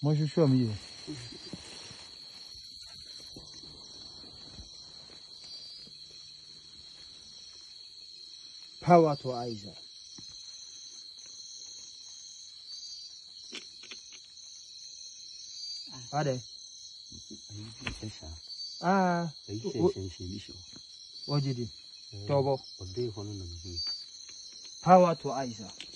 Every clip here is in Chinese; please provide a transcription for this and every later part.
我就是我米。Power to Asia。阿德。哎，你先说。啊。哎，你先休息一下。我这里。坐吧。我带好了东西。Power to Asia。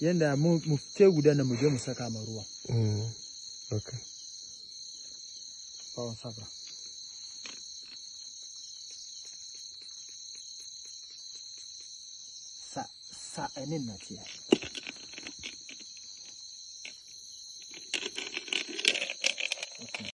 yanda mu ce guda na mu je mu saka ma ruwa mm, okay bawon sabra sa sa sa'anin eh, na ce